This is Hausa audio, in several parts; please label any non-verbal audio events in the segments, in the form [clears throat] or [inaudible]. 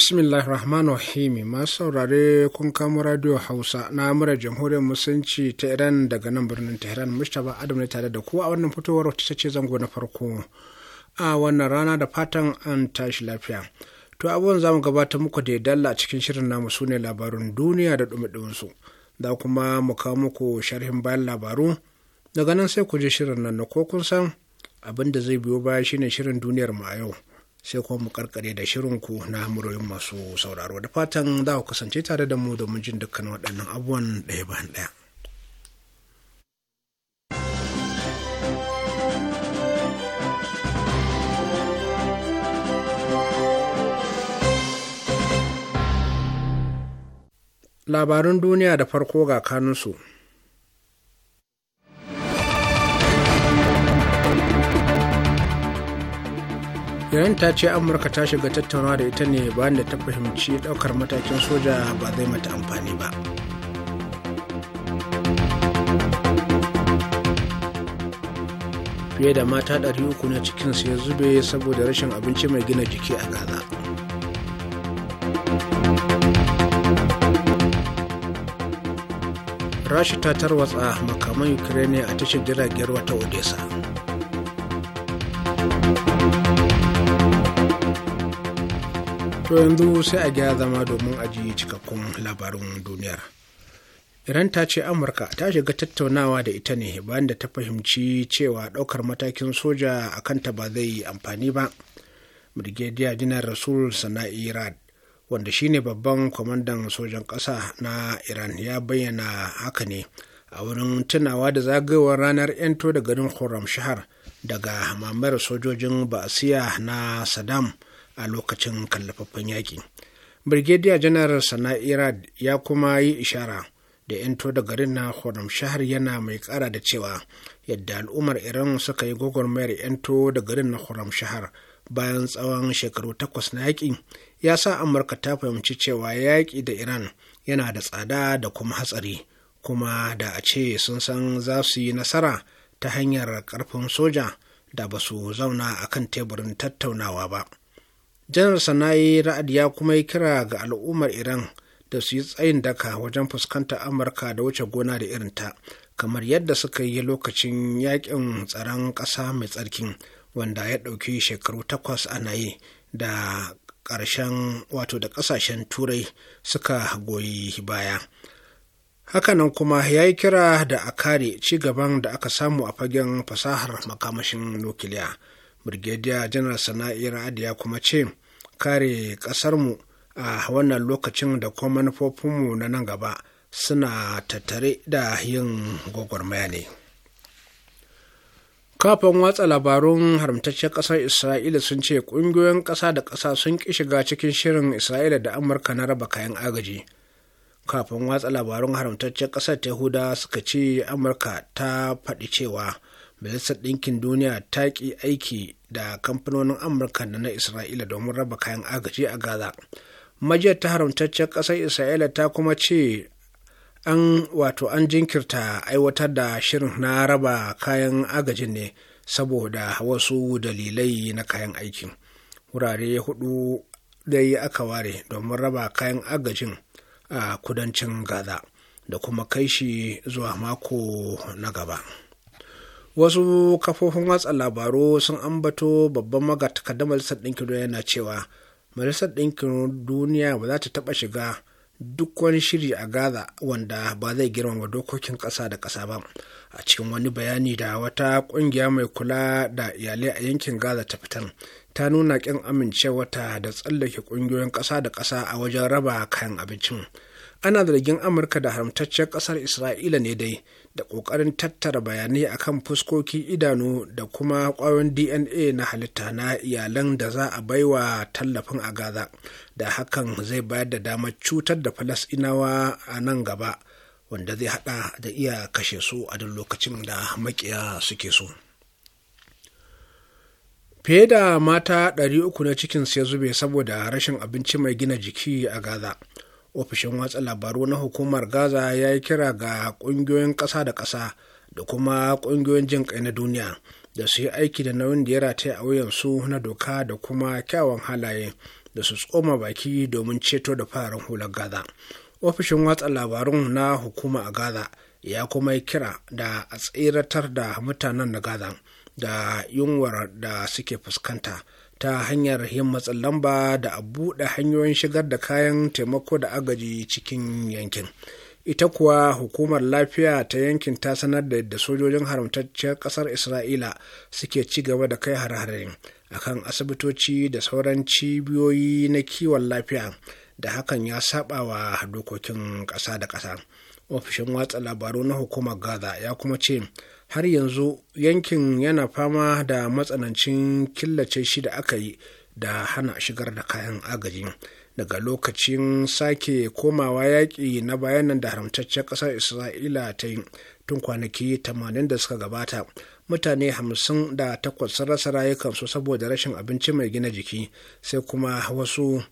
bismillah rahman rahim masu saurare kun kamo radio hausa na mura jamhuriyar musulunci ta iran daga nan birnin tehran mustapha adam ne tare da ku a wannan fitowar ta ce zango na farko a wannan rana da fatan an tashi lafiya to abubuwan za mu gabata muku da dalla a cikin shirin namu su ne labarun duniya da dumi su da kuma mu kawo muku sharhin bayan labaru daga nan sai ku je shirin nan na ko kun san abin da zai biyo baya shine shirin duniyar mu a yau sai kuma mu karkare da shirinku na muryoyin masu sauraro da fatan za ku kasance tare da mu domin jin dukkan waɗannan abubuwan ɗaya bayan ɗaya. Labarin duniya da farko ga kanunsu. yayin ta ce amurka ta shiga tattaunawa da ita ne bayan da ta fahimci daukar matakin soja ba zai mata amfani ba fiye da mata 300 na cikinsu ya zube saboda rashin abinci mai gina jiki a gaza rashi ta tarwatsa makaman ukraine a tashar jiragen ruwa ta odessa To yanzu sai a gyara zama domin a ji cikakkun labarin duniyar. Iran ta ce Amurka ta shiga tattaunawa da ita ne bayan da ta fahimci cewa ɗaukar matakin soja a kanta ba zai yi amfani ba. Brigadier Janar Rasul Sana'i Rad, wanda shine babban kwamandan sojan ƙasa na Iran ya bayyana haka ne a wurin tunawa da zagayowar ranar 'yanto da garin Khurram Shahar daga mamayar sojojin Ba'asiya na Saddam. a lokacin kallafaffen yaƙi brigadier Janaral sana'irad ya kuma yi ishara da 'yanto da garin na shahar yana mai ƙara da cewa yadda al'ummar iran suka yi gwagwarmayar 'yanto da garin na shahar bayan tsawon shekaru takwas na yaƙi ya sa amurka ta fahimci cewa yaƙi da iran yana da tsada da kuma hatsari kuma da a ce sun san za su yi nasara ta hanyar ƙarfin soja da ba su zauna a kan teburin tattaunawa ba. janar sanayi ra'ad ya kuma yi kira ga al'ummar iran da su yi tsayin daka wajen fuskantar amurka da wuce gona da irinta kamar yadda suka yi lokacin yakin tsaron ƙasa mai tsarkin wanda ya ɗauki shekaru takwas ana yi da ƙarshen wato da ƙasashen turai suka goyi baya hakanan kuma ya yi kira da a kare ci gaban da aka samu a fagen fasahar makamashin nukiliya Birgediya janar sana'i Ra'adi ya kuma ce kare ƙasarmu a wannan lokacin da kuma manufofinmu na nan gaba suna tattare da yin gwagwarmaya ne kafin watsa labarun haramtaccen ƙasar isra'ila sun ce ƙungiyoyin ƙasa da ƙasa sun ƙi shiga cikin shirin isra'ila da amurka na raba kayan agaji kafin watsa labarun haramtaccen ƙasar ta yahuda suka ce amurka ta faɗi cewa majalisar ɗinkin duniya ta ƙi aiki da kamfanonin amurka da na isra'ila domin raba kayan agaji a gaza majiyar ta haramtaccen ƙasar isra'ila ta kuma ce an wato an jinkirta aiwatar da shirin na raba kayan agaji ne saboda wasu dalilai na kayan aiki, wurare hudu dai aka ware domin raba kayan agajin a kudancin gaza da kuma kai shi zuwa mako na gaba. wasu kafofin watsa labaru sun ambato babban magatakardar majalisar ɗinkin duniya yana cewa majalisar ɗinkin duniya ba za ta taɓa shiga duk wani shiri a gaza wanda ba zai girmama dokokin ƙasa da ƙasa ba a cikin wani bayani da wata ƙungiya mai kula da iyalai a yankin gaza ta fitar ta nuna ƙin amincewa da tsallake ƙungiyoyin ƙasa da ƙasa a wajen raba kayan abincin ana zargin amurka da haramtaccen kasar isra'ila ne dai da kokarin tattara bayanai akan fuskoki idanu da kuma kwayoyin dna na halitta na iyalan da za a baiwa tallafin a gaza da hakan zai bayar da damar cutar da falasinawa a nan gaba wanda zai hada da iya kashe su a duk lokacin da makiya suke so fiye da mata 300 na cikin ya zube saboda rashin abinci mai gina jiki a gaza ofishin watsa labaru na hukumar gaza ya yi kira ga ƙungiyoyin ƙasa da ƙasa da kuma ƙungiyoyin jin kai na duniya da su yi aiki da nauyin da ya rataya a wuyansu na doka da kuma kyawun halaye da su tsoma baki domin ceto da fararen hular gaza ofishin watsa labarun na hukuma a gaza ya kuma yi kira da a tseratar da mutanen na gaza da yunwar da suke fuskanta ta hanyar yin matsin lamba da a buɗe hanyoyin shigar da kayan taimako da agaji cikin yankin ita kuwa hukumar lafiya ta yankin ta sanar da yadda sojojin haramtacciyar ƙasar isra'ila suke ci gaba da kai har A akan asibitoci da sauran cibiyoyi na kiwon lafiya da hakan ya saba wa dokokin ƙasa da ƙasa ofishin watsa labaru na hukumar gaza ya kuma ce har yanzu yankin yana fama da matsanancin killace shi da aka yi da hana shigar da kayan agaji daga lokacin sake komawa yaƙi na bayanan da haramtaccen ƙasar isra'ila ta yi tun kwanaki 80 da suka gabata mutane 58 sun rasa rayukansu saboda rashin abinci mai gina jiki sai kuma wasu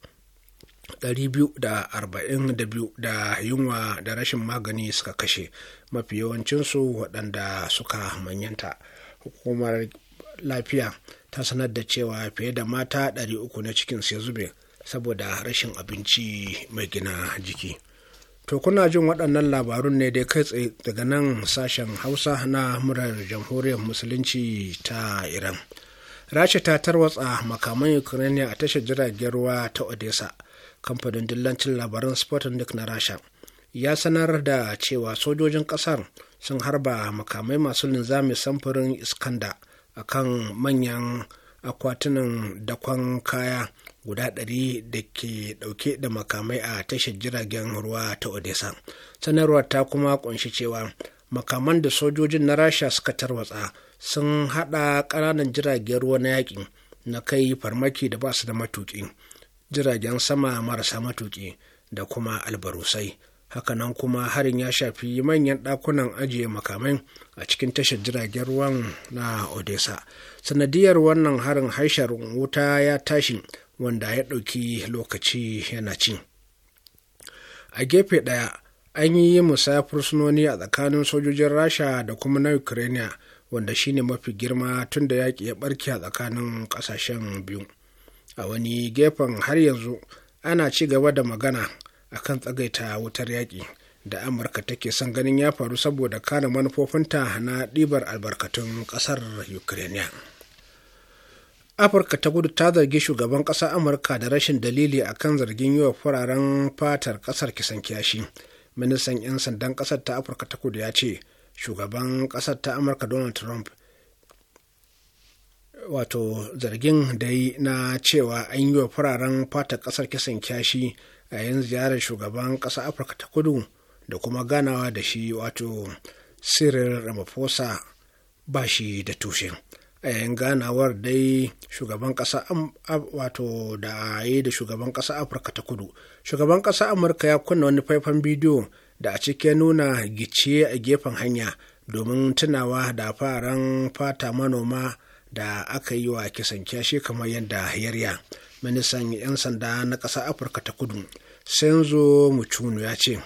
242 da yunwa da rashin magani suka kashe mafi yawancinsu waɗanda suka manyanta hukumar lafiya ta sanar da cewa fiye da mata 300 na cikin sai zube saboda rashin abinci mai gina jiki to kuna jin waɗannan labarun ne dai kai tsaye daga nan sashen hausa na murar jamhuriyar musulunci ta iran rasha ta tarwatsa makaman ukraine a tashar jiragen ruwa ta odessa kamfanin dillancin labaran sputnik na rasha ya sanar da cewa sojojin kasar sun harba makamai masu linzami samfurin iskanda a kan manyan akwatunan dakon kaya guda ɗari da ke ɗauke da makamai a tashar jiragen ruwa ta odessa sanarwar ta kuma kunshi cewa makaman da sojojin na rasha suka tarwatsa sun haɗa ƙananan jiragen ruwa na yaƙi na kai farmaki da ba su da matuƙi jiragen sama marasa matuƙi da kuma albarusai hakanan kuma harin ya shafi manyan ɗakunan ajiye makamai a cikin tashar jiragen ruwan na odessa sanadiyar wannan harin haishar wuta ya tashi wanda ya ɗauki lokaci yana ci a gefe ɗaya an yi musayar sunoni a tsakanin sojojin rasha da kuma na ukraine wanda shine mafi girma tun da yaƙi ya ɓarke a tsakanin ƙasashen biyu a wani gefen har yanzu ana ci gaba da magana akan tsagaita wutar yaƙi da amurka take son ganin ya faru saboda kare manufofinta na ɗibar albarkatun ƙasar ukraine afirka ta gudu ta zargi shugaban ƙasa amurka da rashin dalili a kan zargin yi wa fararen fatar ƙasar kisan kiyashi ministan 'yan sandan ƙasar ta afirka ta kudu ya ce shugaban ƙasar ta amurka donald trump wato zargin da yi na cewa an yi wa fararen fata kasar kisan kyashi a yin ziyarar shugaban ƙasa afirka ta kudu da kuma ganawa da shi wato cyril ramaphosa ba shi da tushe a yayin ganawar dai shugaban ƙasa wato da yi da shugaban ƙasa afirka ta kudu shugaban ƙasa amurka ya kunna wani faifan bidiyo da a cikin nuna gice a gefen hanya domin tunawa da fararen fata manoma da aka yi wa kisan kyashe kamar yadda yarya ministan 'yan sanda na ƙasa afirka ta kudu senzo mucunu ya ce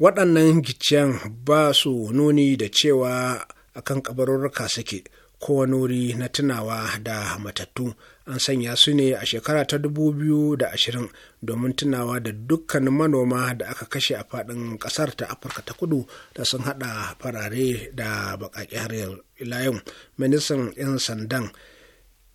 waɗannan gicciyan ba su nuni da cewa akan kabarurruka suke ko wani wuri na tunawa da matattu an sanya su ne a shekara ta dubu biyu da ashirin domin tunawa da dukkanin manoma da aka kashe a faɗin ƙasar ta afirka ta kudu da sun haɗa farare da baƙaƙe har yau ministan 'yan sandan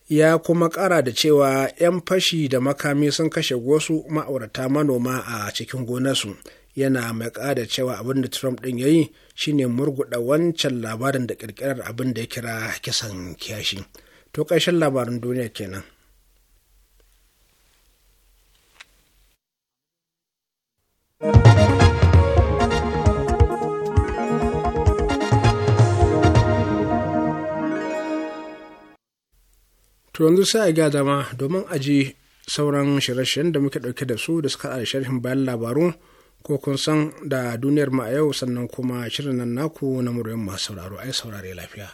ya kuma ƙara da cewa 'yan fashi da makami sun kashe wasu ma'aurata manoma a cikin gonarsu yana mai ƙara cewa abin da trump ɗin ya yi shine murguɗa wancan labarin da ƙirƙirar abin da ya kira kisan kiyashi. to ƙarshen labarin duniya kenan. To yanzu sai a ga dama domin ji sauran shirye-shiryen da muke ɗauke da su da suka da sharhin bayan labaru ko kun san da duniyar ma a yau sannan kuma shirin nan naku na muryan masu sauraro ai saurare lafiya.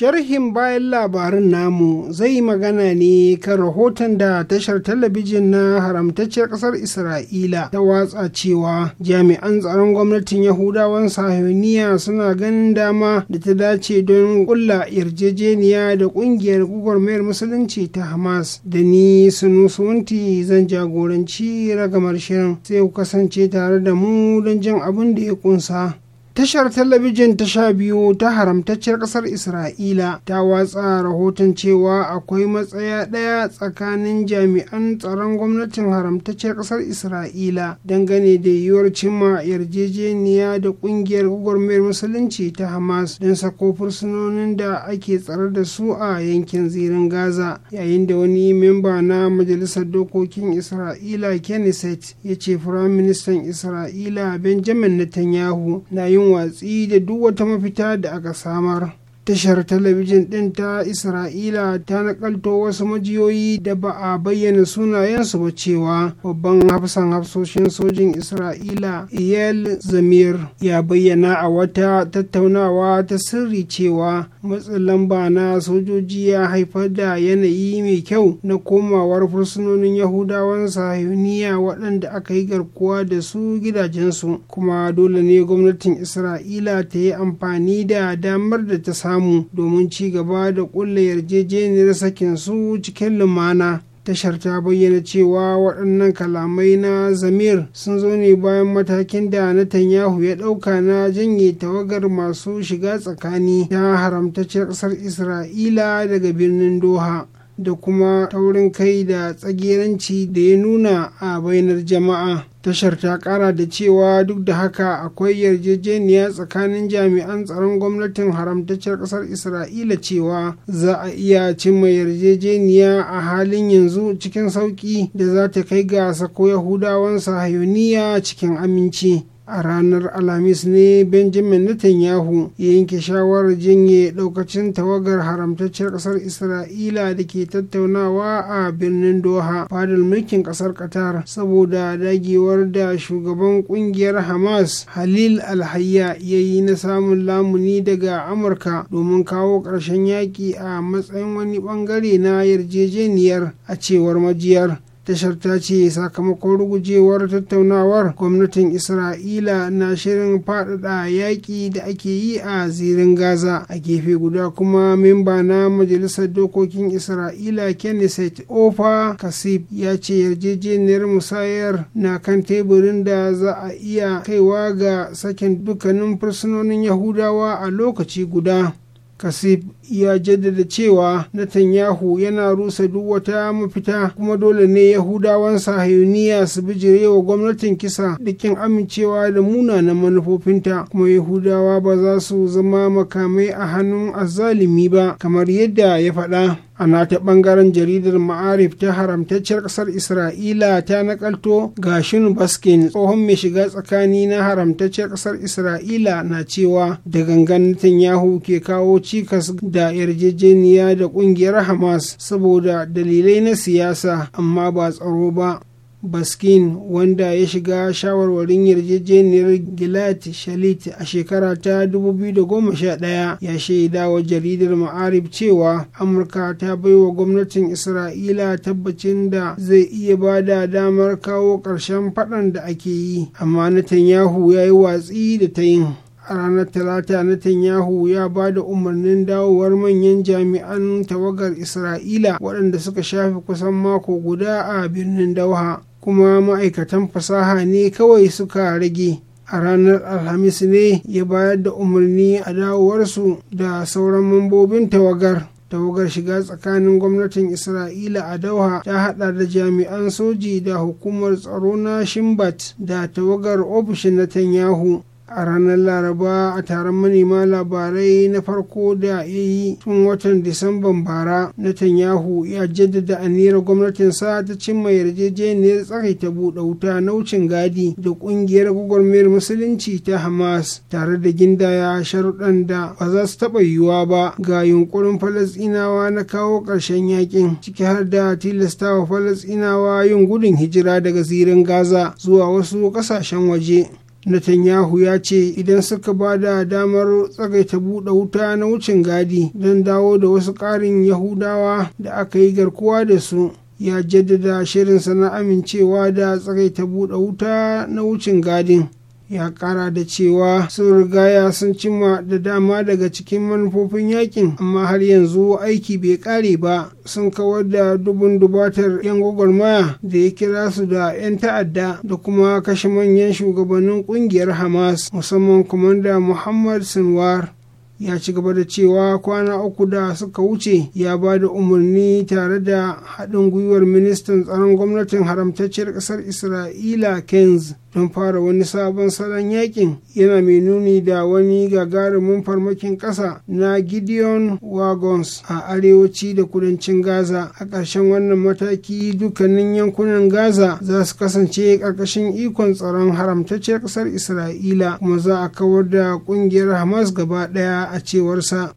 Sharhin bayan labarin namu zai magana ne kan rahoton da tashar talabijin na haramtacciyar ƙasar Isra'ila ta watsa cewa jami'an tsaron gwamnatin Yahudawan Sahiyoniya suna ganin dama da ta dace don kulla yarjejeniya da ƙungiyar mayar musulunci ta Hamas da ni sunusunti zan jagoranci ragamar shirin sai ku kasance tare da mu don jin abin da ya ƙunsa. tashar talabijin ta sha biyu ta haramtacciyar ƙasar isra'ila ta watsa rahoton cewa akwai matsaya ɗaya tsakanin jami'an tsaron gwamnatin haramtacciyar ƙasar isra'ila dangane da yiwuwar cimma yarjejeniya da ƙungiyar gwagwarmayar musulunci ta hamas don sako fursunonin da ake tsare da su a yankin zirin gaza yayin da wani memba na majalisar dokokin isra'ila kenneth ya ce firaministan isra'ila benjamin netanyahu na yin yin watsi da duk wata mafita da aka samar tashar talabijin ɗin ta isra'ila ta nakalto wasu majiyoyi da ba a bayyana sunayensu ba cewa babban hafsan hafsoshin sojin isra'ila iyal zamir ya bayyana a wata tattaunawa ta sirri cewa matsin lamba na sojoji ya haifar da yanayi mai kyau na komawar fursunonin yahudawan sahiyuniya waɗanda aka yi garkuwa da su gidajensu kuma dole ne gwamnatin isra'ila ta yi amfani da damar da ta samu namu domin ci gaba da ƙulla yarjejeniyar sakin su cikin lumana tashar ta bayyana cewa waɗannan kalamai na zamir sun zo ne bayan matakin da Netanyahu ya ɗauka na janye tawagar masu shiga tsakani ta haramtacciyar ƙasar isra'ila daga birnin doha da kuma taurin kai da tsagiranci da ya nuna a bainar jama'a tashar ta kara da cewa duk da haka akwai yarjejeniya tsakanin jami'an tsaron gwamnatin haramtacciyar kasar isra'ila cewa za a iya cimma yarjejeniya a halin yanzu cikin sauki da za ta kai ga sako yahudawan sahayoniya cikin aminci a ranar alhamis ne benjamin netanyahu ya yanke shawarar jinye daukacin tawagar haramtacciyar kasar isra'ila da ke tattaunawa a birnin doha fadar mulkin kasar qatar saboda dagewar da shugaban kungiyar hamas halil alhayya ya yi na samun lamuni daga amurka domin kawo ƙarshen yaƙi a matsayin wani ɓangare na yarjejeniyar a cewar majiyar tashar ta ce sakamakon rugujewar tattaunawar gwamnatin isra'ila na shirin faɗaɗa yaƙi da ake yi a zirin gaza a gefe guda kuma memba na majalisar dokokin isra'ila kenneset ofa kasib ya ce yarjejeniyar musayar na kan teburin da za a iya kaiwa ga sakin dukkanin fursunonin yahudawa a lokaci guda kasib ya jaddada cewa Netanyahu yana rusa duk wata mafita kuma dole ne Yahudawan sahayuniya su bijire wa gwamnatin kisa da kin amincewa da munanan manufofinta kuma Yahudawa ba za su zama makamai a hannun azalimi ba kamar yadda ya faɗa. a ta bangaren jaridar ma'arif ta haramtacciyar ƙasar isra'ila ta nakalto gashin baskin tsohon mai shiga tsakani na haramtacciyar ƙasar isra'ila na cewa da gangan Netanyahu ke kawo cikas da da yarjejeniya da kungiyar hamas saboda dalilai na siyasa amma ba tsaro ba baskin wanda ya shiga shawarwarin yarjejeniyar gilat shalit a shekara ta 2011 ya shaida wa jaridar ma'arib cewa amurka ta baiwa gwamnatin isra'ila tabbacin da zai iya ba da damar kawo ƙarshen faɗan da ake yi amma netanyahu ya yi watsi da ta yin a ranar talata na Tanyahu ya ba da umarnin dawowar manyan jami'an tawagar Isra'ila waɗanda suka shafe kusan mako guda a birnin Dauha kuma ma'aikatan fasaha ne kawai suka rage. a ranar alhamis ne ya bayar da umarni a dawowarsu da sauran mambobin tawagar tawagar shiga tsakanin gwamnatin isra'ila a dauha ta hada da jami'an soji da hukumar tsaro na shimbat da tawagar ofishin Tanyahu. a ranar laraba a taron manema labarai na farko da ya yi tun watan disamban bara netanyahu ya jaddada aniyar gwamnatinsa ta cimma yarjejeniyar ta buɗe wuta na wucin gadi da ƙungiyar gwagwarmayar musulunci ta hamas tare da gindaya sharuɗan da ba za su taɓa yiwuwa ba ga yunkurin falasɗinawa na kawo ƙarshen yakin ciki har da tilastawa falasɗinawa yin gudun hijira daga zirin gaza zuwa wasu ƙasashen waje Netanyahu ya ce idan suka ba da damar tsagaita buɗe wuta na wucin gadi don dawo da wasu ƙarin Yahudawa da aka yi garkuwa da su ya jaddada shirinsa na amincewa da tsagaita buɗe wuta na wucin gadin. ya kara da cewa sun rigaya sun cimma da dama daga cikin manufofin yakin amma har yanzu aiki bai kare ba sun kawar da dubun dubatar yan gwagwarmaya da ya kira su da 'yan ta'adda da kuma kashe manyan shugabannin kungiyar hamas musamman kwamanda muhammad sinwar ya ci gaba da cewa kwana uku da suka wuce ya ba da umarni tare da haɗin gwiwar ministan tsaron gwamnatin haramtacciyar ƙasar isra'ila kenz don fara wani sabon salon yakin yana mai nuni da wani gagarumin farmakin ƙasa na gideon wagons a arewaci da kudancin gaza a ƙarshen wannan mataki dukkanin yankunan gaza za su kasance ƙarƙashin ikon tsaron haramtacciyar ƙasar isra'ila kuma za a kawar da ƙungiyar hamas gaba ɗaya a cewarsa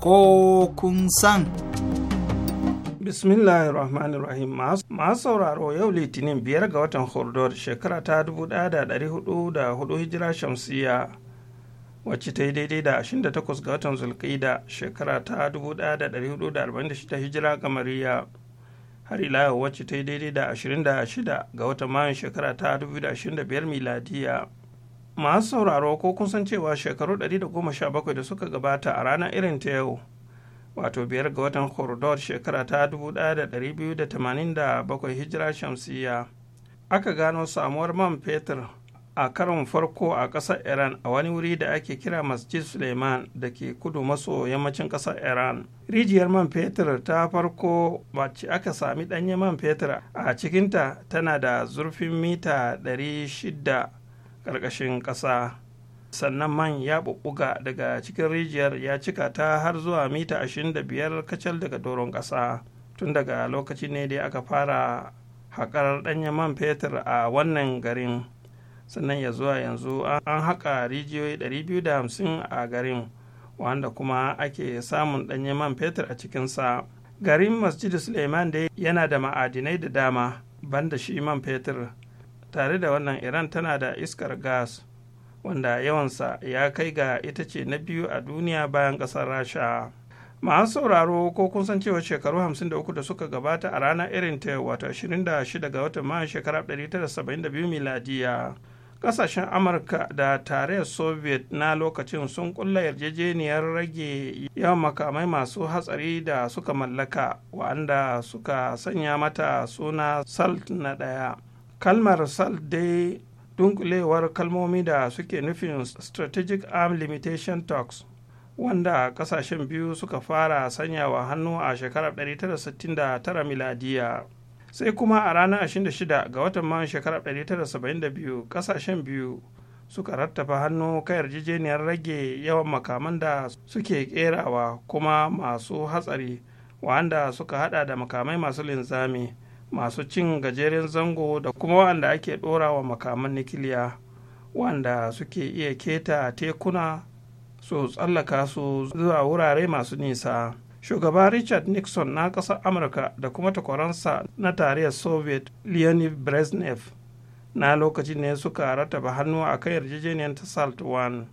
ko kun san. Bismillahirrahmanirrahim masu sauraro yau litinin biyar ga watan hurdor shekara ta 1404 hijira shamsiyya wacce ta yi daidai da 28 ga watan zulkaida shekara ta 1446 hijira ga Mariya. har ila yau wacce ta yi daidai da 26 ga watan mayun shekara ta 2025 miladiya masu sauraro ko kun san cewa shekaru 117 da suka gabata a ranar irin ta yau wato biyar ga watan hordor shekara ta 1287 hijira shamsiya aka gano samuwar man fetur a karon farko a ƙasar iran a wani wuri da ake kira masjid suleiman da ke kudu maso yammacin ƙasar iran rijiyar man fetur ta farko wacce aka sami ɗanyen man fetur a cikinta tana da zurfin mita 600 ƙarƙashin ƙasa sannan man ya ɓuɓɓuga daga cikin rijiyar ya cika ta har zuwa mita 25 kacal daga doron ƙasa tun daga lokaci ne dai aka fara haƙar ɗanyen man fetur a wannan garin sannan ya zuwa yanzu an haƙa rijiyoyi 250 a garin wanda kuma ake samun ɗanye man fetur a cikinsa garin masjid suleiman dai yana da ma'adinai da dama banda shi man fetur tare da wannan iran tana da iskar gas wanda yawansa ya kai ga ita ce na biyu a duniya bayan ƙasar rasha masu sauraro ko kun san cewa shekaru 53 da suka gabata a ranar irin ta wata 26 ga watan mayan shekara 1972 miladiya kasashen amurka da tarayyar soviet na lokacin sun kulla yarjejeniyar rage yawan makamai masu hatsari da suka mallaka wanda suka sanya mata suna salt na ɗaya kalmar salt dai dunkulewar kalmomi da suke nufin strategic arm limitation talks wanda kasashen biyu suka fara sanya wa hannu a shekarar 1969 miladiya sai kuma a ranar 26 ga watan man shekarar 1972 kasashen biyu suka rattafa hannu kan yarjejeniyar rage yawan makaman da suke kerawa kuma masu hatsari wanda suka hada da makamai masu linzami masu cin gajeren zango da kuma wanda ake wa makaman nikiliya wanda suke iya keta tekuna su tsallaka su zuwa wurare masu nisa shugaba richard nixon na ƙasar amurka da kuma takwaransa na tarayyar soviet leonid brezhnev na lokacin ne suka rataba hannu a kan yarjejeniyar ta salt 1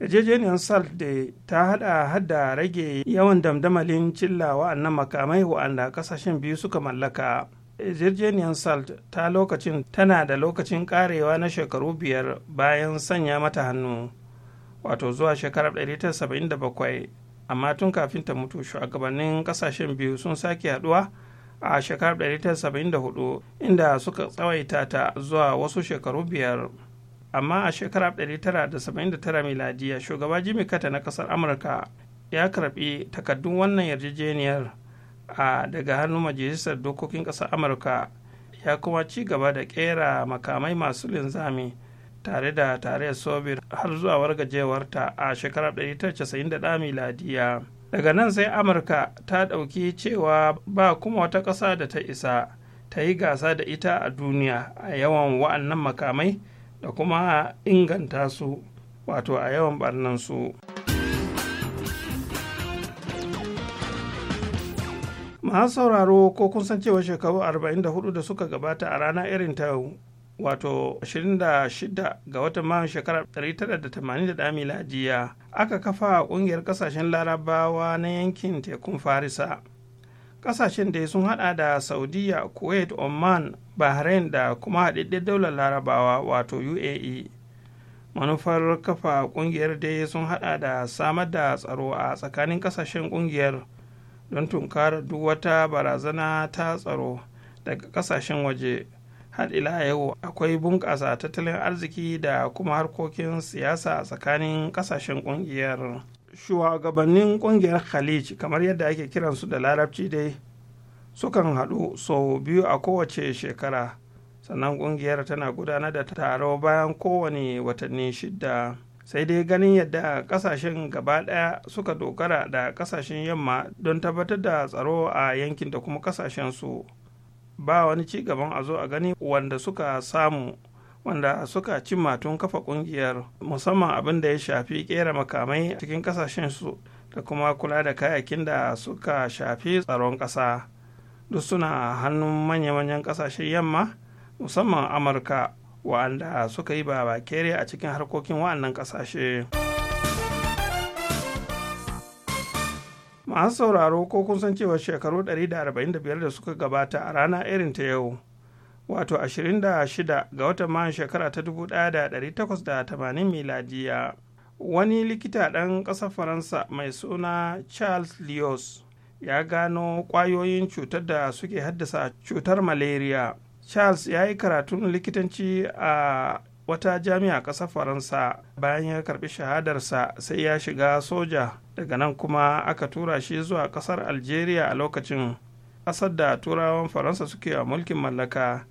yarjejeniyar salt da ta hada hada rage yawan damdamalin cillawa na makamai wa'anda kasashen biyu suka mallaka yarjejeniyar salt ta lokacin tana da lokacin karewa na shekaru biyar bayan sanya mata hannu wato zuwa shekarar 1977 amma tun kafin ta mutu shugabannin kasashen biyu sun sake haduwa a shekarar 1974 inda suka tsawaita ta zuwa wasu shekaru biyar amma a shekarar 1979 miladiya shugaba jimmy carter na kasar amurka ya karbi takaddun wannan yarjejeniyar a daga hannun majalisar dokokin kasar amurka ya kuma ci gaba da kera makamai masu linzami tare da tarayyar sobir har zuwa wargajewarta a shekarar 1991 miladiya daga nan sai amurka ta ɗauki cewa ba kuma wata ƙasa da ta isa ta yi gasa da ita a duniya a yawan wa'annan makamai da kuma inganta su wato a yawan barnan su masu sauraro ko kun san cewa shekaru 44 da suka gabata a rana irin ta wato 26 ga watan mahan shekarar 1981 miladiya aka kafa ƙungiyar ƙasashen larabawa na yankin tekun farisa ƙasashen da sun hada da saudiya kuwait oman bahrain da kuma haɗaɗɗen daular larabawa wato uae manufar kafa ƙungiyar dai sun hada da samar da tsaro a tsakanin ƙasashen ƙungiyar don tunkar duk wata barazana ta tsaro daga ƙasashen waje har ila yau akwai bunƙasa tattalin arziki da kuma harkokin siyasa a tsakanin ƙasashen ƙungiyar shugabannin ƙungiyar khalij kamar yadda ake kiransu da larabci dai sukan haɗu sau biyu a kowace shekara sannan ƙungiyar tana gudanar da taro bayan kowane watanni shidda sai dai ganin yadda ƙasashen gaba ɗaya suka dogara da ƙasashen yamma don tabbatar da tsaro a yankin da kuma ƙasashensu su ba wani ci gaban a zo a gani wanda suka samu wanda suka cimma matun kafa kungiyar musamman abin da ya shafi kera makamai cikin kasashen su da kuma kula da kayakin da suka shafi tsaron ƙasa duk suna hannun manya-manyan kasashen yamma musamman amurka wa'anda suka yi ba a cikin harkokin wannan ƙasashe. masu sauraro ko kun san cewa shekaru 145 da suka gabata a rana irin ta yau wato 26 ga watan mayan shekara ta 1880 miladiya wani likita ɗan ƙasar faransa mai suna charles lios ya gano ƙwayoyin cutar da suke haddasa cutar malaria charles ya yi karatun likitanci a wata jami'a ƙasar faransa bayan ya karbi shahadarsa sai ya shiga soja daga nan kuma aka tura shi zuwa ƙasar algeria a lokacin ƙasar da turawan faransa suke a mulkin mallaka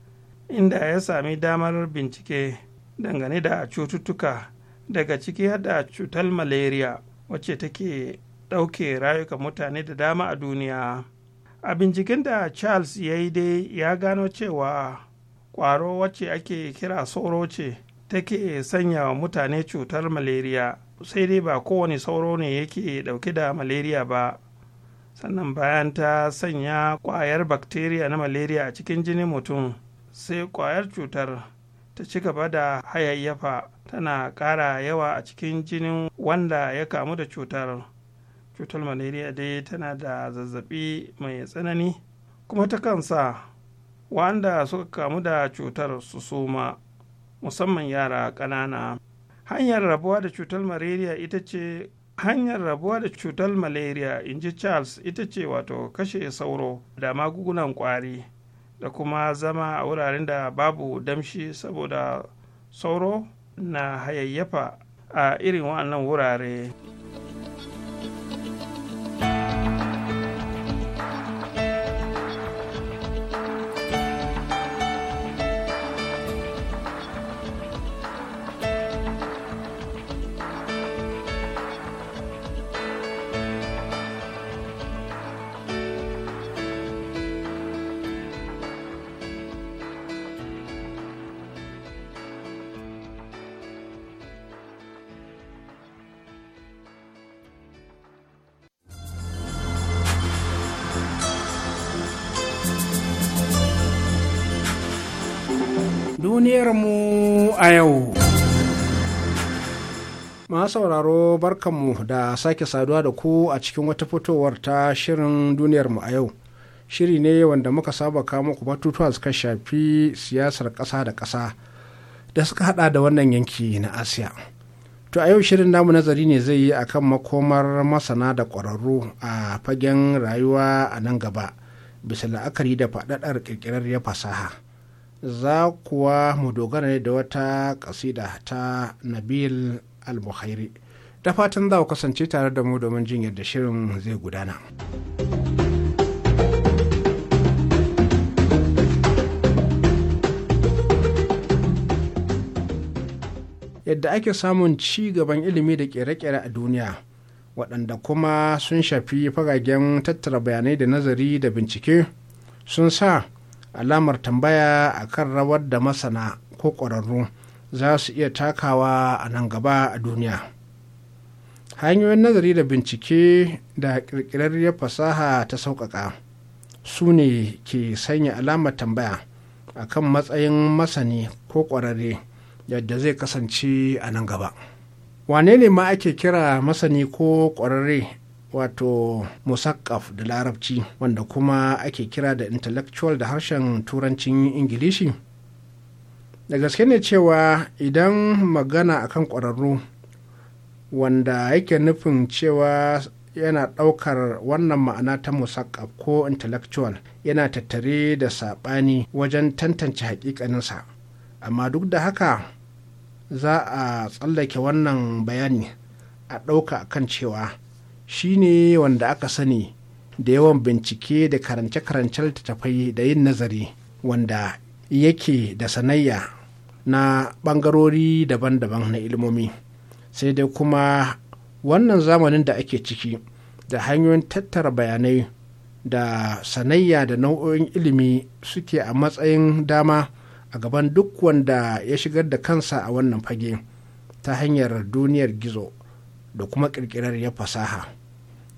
inda ya sami damar bincike dangane da cututtuka daga ciki hada cutar malaria wacce take ɗauke rayuka mutane da dama a duniya a binciken da charles ya yi dai ya gano cewa ƙwaro wacce ake kira sauro ce take sanya wa mutane cutar malaria sai dai ba kowane sauro ne yake dauke da malaria ba sannan bayan ta sanya kwayar bakteriya na malaria a cikin jinin mutum sai kwayar cutar ta ci gaba da hayayyafa tana ƙara yawa a cikin jinin wanda ya kamu da cutar cutar malaria dai tana da zazzabi mai tsanani kuma ta kansa wanda suka kamu da cutar su suma musamman yara ƙanana hanyar rabuwa da cutar malaria ita ce hanyar rabuwa da cutar malaria in ji charles ita ce wato kashe sauro da magungunan kwari da kuma zama a wuraren da babu damshi saboda sauro na hayayyafa a irin waɗannan wurare. a yau. Masu sauraro barkanmu da sake saduwa da ku a cikin wata fitowar ta shirin duniyarmu a yau. Shiri ne wanda muka saba kama kuma batutuwa suka shafi siyasar ƙasa da ƙasa da suka hada da wannan yanki na Asiya. To a yau shirin namu nazari ne zai yi akan makomar masana da ƙwararru a fagen rayuwa a nan gaba bisa la'akari da faɗaɗar ƙirƙirar fasaha. za kuwa mu dogara ne da wata kasida ta nabil al bukhari da fatan za ku kasance tare da mu domin jin yadda shirin zai gudana. yadda ake samun ci gaban ilimi da ƙere-ƙere a duniya waɗanda kuma sun shafi fagagen tattara bayanai da nazari da bincike sun sa alamar tambaya a kan rawar da masana ko ƙwararru za su iya takawa a nan gaba a duniya hanyoyin nazari da bincike da ƙirƙirarriyar fasaha ta sauƙaƙa su ne ke sanya alamar tambaya a kan matsayin masani ko ƙwararre yadda zai kasance a nan gaba wane ne ma ake kira masani ko ƙwararre wato musakaf da larabci wanda kuma ake kira da intellectual da harshen turancin ingilishi da gaske ne cewa idan magana akan ƙwararru wanda yake nufin cewa yana ɗaukar wannan ma'ana ta musakaf ko intellectual yana tattare da saɓani wajen tantance haƙiƙaninsa amma duk da haka za a tsallake wannan bayani a ɗauka kan cewa shine wanda aka sani da yawan bincike da karance karance littattafai da yin nazari wanda yake da sanayya na bangarori daban-daban na ilmomi sai dai kuma wannan zamanin da ake ciki da hanyoyin tattara bayanai da sanayya da nau'o'in ilimi suke a matsayin dama a gaban duk wanda ya shigar da kansa a wannan fage ta hanyar duniyar gizo da kuma ya fasaha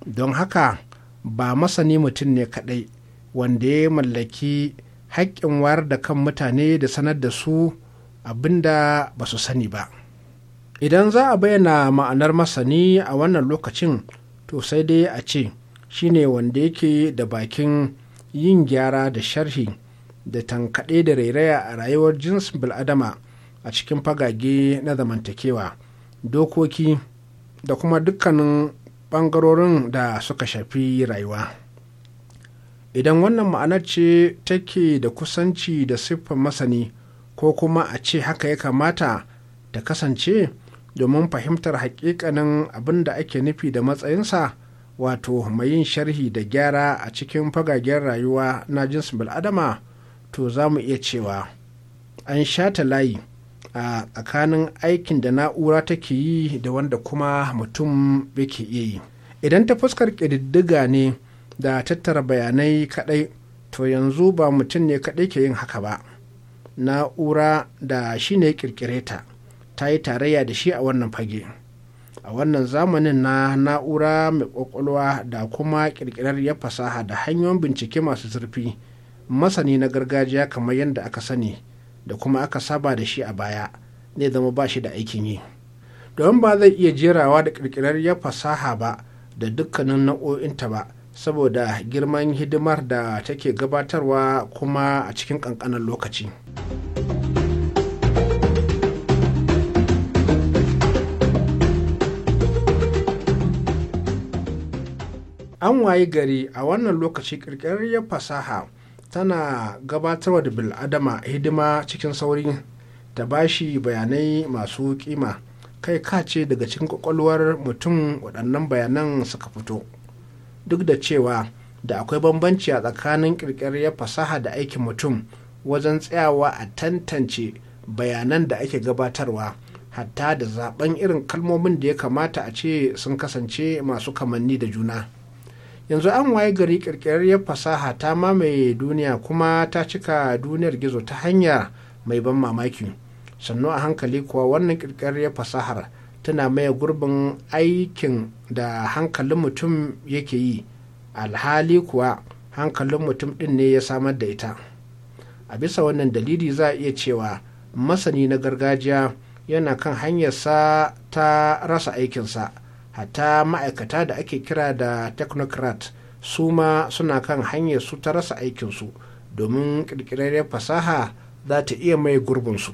don haka ba masani mutum ne kaɗai wanda ya mallaki haƙƙin wayar da kan mutane da sanar da su abinda ba su sani ba idan za a bayyana ma'anar masani a wannan lokacin to sai dai a ce shine wanda yake da bakin yin gyara da sharhi da tankaɗe da rairaya a rayuwar jinsin bil'adama a cikin fagage na zamantakewa dokoki da kuma dukkanin ɓangarorin da suka shafi rayuwa idan wannan ma'anar ce take da kusanci da siffar masani ko kuma a ce haka ya kamata ta kasance domin fahimtar hakikanin abin da ake nufi da matsayinsa wato mai yin sharhi da gyara a cikin fagagen rayuwa na jinsin bil'adama to za mu iya cewa an shata layi a tsakanin aikin da na'ura take yi da wanda kuma mutum yake iya yi idan ta fuskar ƙididdiga ne da tattara bayanai kaɗai to yanzu ba mutum ne kaɗai ke yin haka ba na'ura da shi ne ƙirƙire ta ta yi tarayya da shi a wannan fage a wannan zamanin na na'ura mai ƙwaƙwalwa da kuma ƙirƙirar ya fasaha da hanyoyin bincike masu zurfi masani na gargajiya kamar yadda aka sani da kuma aka saba da shi a baya zai zama ba shi da aikin yi don ba zai iya jerawa da ya fasaha ba da dukkanin nau'o'inta ba saboda girman hidimar da take gabatarwa kuma a cikin ƙanƙanin lokaci. an wayi gari a wannan lokaci ƙirƙirarriyar fasaha tana gabatarwa da bil'adama hidima cikin sauri ta bashi bayanai masu kima kai kace daga cikin kwakwalwar mutum waɗannan bayanan suka fito duk da cewa da akwai bambanci a tsakanin ƙirƙirar fasaha da aikin mutum wajen tsayawa a tantance bayanan da ake gabatarwa hatta da zaben irin kalmomin da ya kamata a ce sun kasance masu kamanni da juna. yanzu an waye gari ƙirƙirar fasaha ta mamaye duniya kuma ta cika duniyar gizo ta hanya mai ban mamaki sannu a hankali kuwa wannan ƙirƙirar fasahar tana maye gurbin aikin da hankalin mutum yake yi alhali kuwa hankalin mutum ɗin ne ya samar da ita a bisa wannan dalili za a iya cewa masani na gargajiya yana kan hanyarsa ta rasa aikinsa ta ma'aikata da ake kira da technocrat su ma suna kan hanyar su ta rasa aikinsu domin ƙirƙirarren fasaha za ta iya mai gurbinsu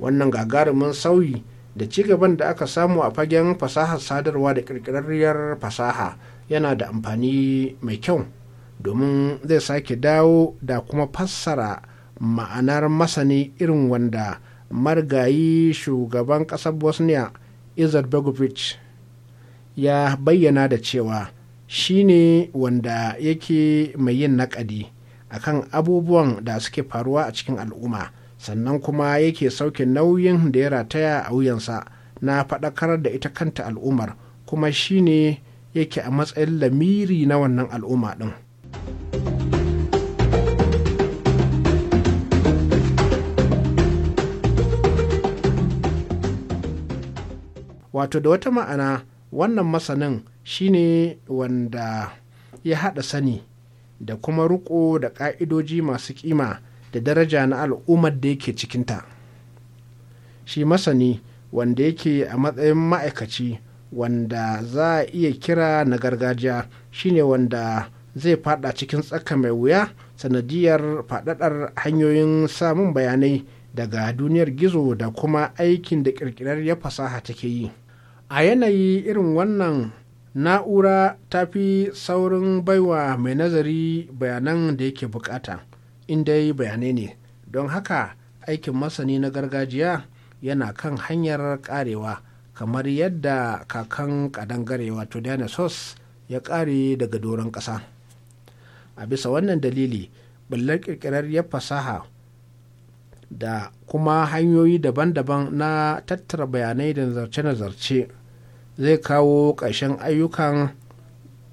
wannan gagarumin sauyi da cigaban da aka samu a fagen fasahar sadarwa da ƙirƙirarriyar fasaha yana da amfani mai kyau domin zai sake dawo da kuma fassara ma'anar masani irin wanda margayi shugaban ƙasar bosnia izar begovic ya bayyana da cewa shi ne wanda yake mai yin naƙadi kan abubuwan da suke faruwa a cikin al'umma sannan kuma yake sauke nauyin da ya rataya a wuyansa na faɗakar da ita kanta al'ummar kuma shi ne yake a matsayin lamiri na wannan al'umma ɗin. wato da wata ma'ana wannan masanin shine wanda ya haɗa sani da kuma riko da ƙa'idoji masu kima da daraja na al'ummar da yake cikinta shi masani wanda yake a matsayin ma'aikaci wanda za a iya kira na gargajiya shine wanda zai fada cikin tsaka mai wuya sanadiyar fadadar hanyoyin samun bayanai daga duniyar gizo da kuma aikin da kirkirar ya fasaha take yi a yanayi irin wannan na'ura ta fi saurin baiwa mai nazari bayanan da yake bukata inda bayanai ne don haka aikin masani na gargajiya yana kan hanyar karewa kamar yadda kakan kadangare wato dinosaurs ya kare daga doron ƙasa a bisa wannan dalili bullar ya fasaha da kuma hanyoyi daban-daban na tattara bayanai da zarce-zarce zarce zai kawo ƙarshen ayyukan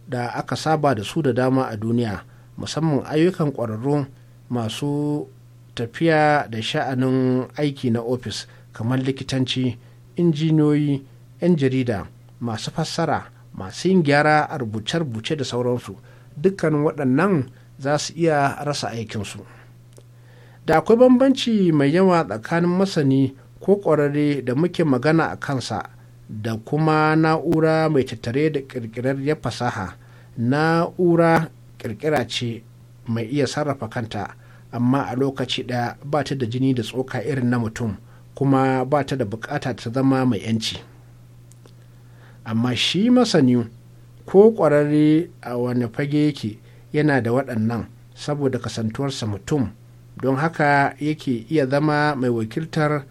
da aka saba da su da dama a duniya musamman ayyukan ƙwararru masu tafiya da sha'anin aiki na ofis kamar likitanci injiniyoyi 'yan jarida masu fassara masu yin gyara a rubuce-rubuce da sauransu dukkan waɗannan za su iya rasa aikinsu da akwai bambanci mai yawa tsakanin masani ko ƙwararre da muke magana a kansa da kuma na'ura mai tattare da ƙirƙirar ya fasaha na'ura ƙirƙira ce mai iya sarrafa kanta amma a lokaci ɗaya ba ta da jini da tsoka irin na mutum kuma ba ta da bukata ta zama mai yanci amma shi masani ko ƙwararre a wani fage yake yana da waɗannan saboda kasantuwarsa mutum don haka yake iya zama mai wakiltar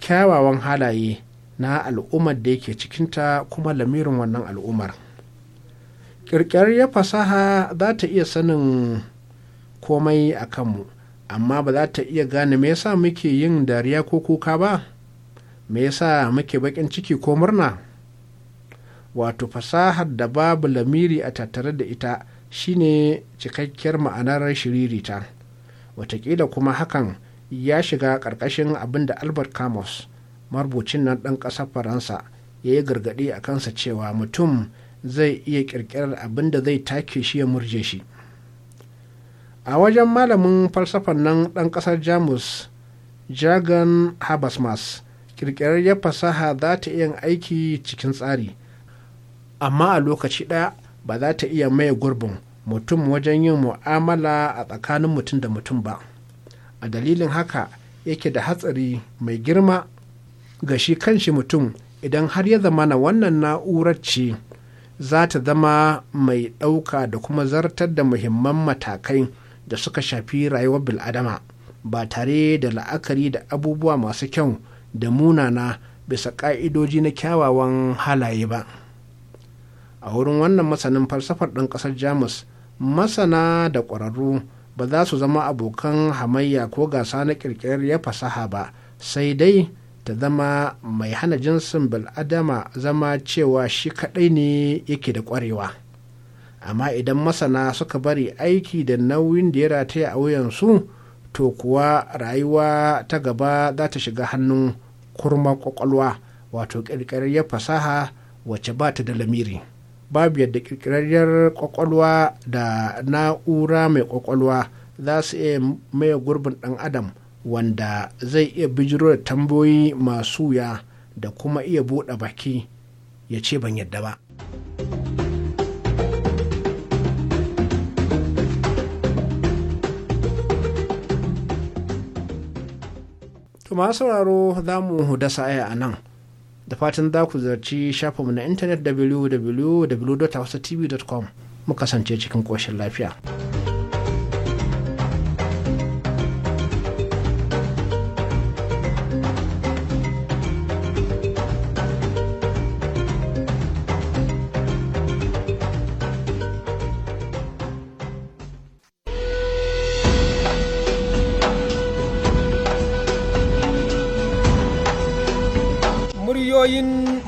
kyawawan halaye na al'ummar da yake cikinta kuma lamirin wannan al'ummar ƙirƙirar fasaha za ta iya sanin komai a kanmu amma ba za ta iya gane me yasa muke yin dariya ko kuka ba me yasa muke baƙin ciki ko murna wato fasahar da babu lamiri a tattare da ita shine cikakkiyar ma'anar shiririta watakila kuma hakan ya shiga ƙarƙashin abin da albert camus marubucin nan ɗan ƙasar faransa ya yi gargaɗi a kansa cewa mutum zai iya ƙirƙirar abin da zai take shi ya murje shi a wajen malamin falsafan nan ɗan ƙasar jamus jagan habasmas ya fasaha za ta iya aiki cikin tsari amma a lokaci ɗaya ba za ta iya maye gurbin mutum wajen yin mu'amala a tsakanin mutum da mutum ba a dalilin haka yake da hatsari mai girma ga shi kanshi mutum idan har ya zama na wannan na'urar ce za ta zama mai ɗauka da kuma zartar da muhimman matakai da suka shafi rayuwar bil'adama ba tare da la'akari da abubuwa masu kyau da munana bisa ƙa'idoji na kyawawan halaye ba a wurin wannan masanin falsafar ɗan ƙasar jamus masana da ƙwararru ba za su zama abokan hamayya ko gasa na ƙirƙirar ya fasaha ba sai dai ta zama mai hana jinsin bil'adama zama cewa shi kaɗai ne yake da ƙwarewa amma idan masana suka bari aiki da nauyin da ya rataya a wuyansu to kuwa rayuwa ta gaba za ta shiga hannun kurma ƙwaƙwalwa wato ƙirƙirarriyar fasaha wacce ba ta da lamiri babu yadda ƙirƙirarriyar ƙwaƙwalwa da na'ura mai ƙwaƙwalwa za su iya maye gurbin ɗan adam wanda zai iya bijiro da tambayoyi masu wuya da kuma iya buɗe baki ya ce ban yadda ba. masu sauraro za mu dasa aya a nan da fatan za ku zarci shafinmu na intanet www.hausatv.com mu kasance cikin ƙoshin lafiya.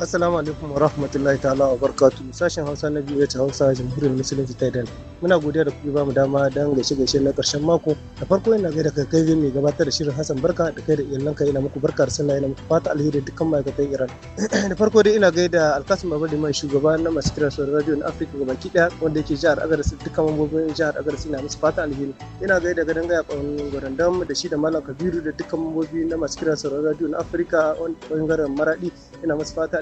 Assalamu alaikum wa rahmatullahi ta'ala wa barkatu Sashen Hausa na biyu ta Hausa Jamhuriyar Musulunci ta Idan. Muna godiya da kuke ba mu dama don gaishe gaishe na karshen mako. Da farko ina gaida kai kai mai gabatar da shirin Hassan Barka da kai da iyalanka ina muku barka da sallah ina muku fata alheri da dukkan ma'aikatan Iran. [clears throat] da farko dai ina gaida Alkasim mai shugaba na masu kiran sauran radio na Afirka baki daya wanda yake jihar Agadez dukkan mambobin jihar Agadez ina musu fata alheri. Ina gaida ga dangaya kwanan gwarandam da shi da Malam Kabiru da dukkan mambobi na masu kiran sauran radio na Afirka wani bangaren Maradi ina musu fata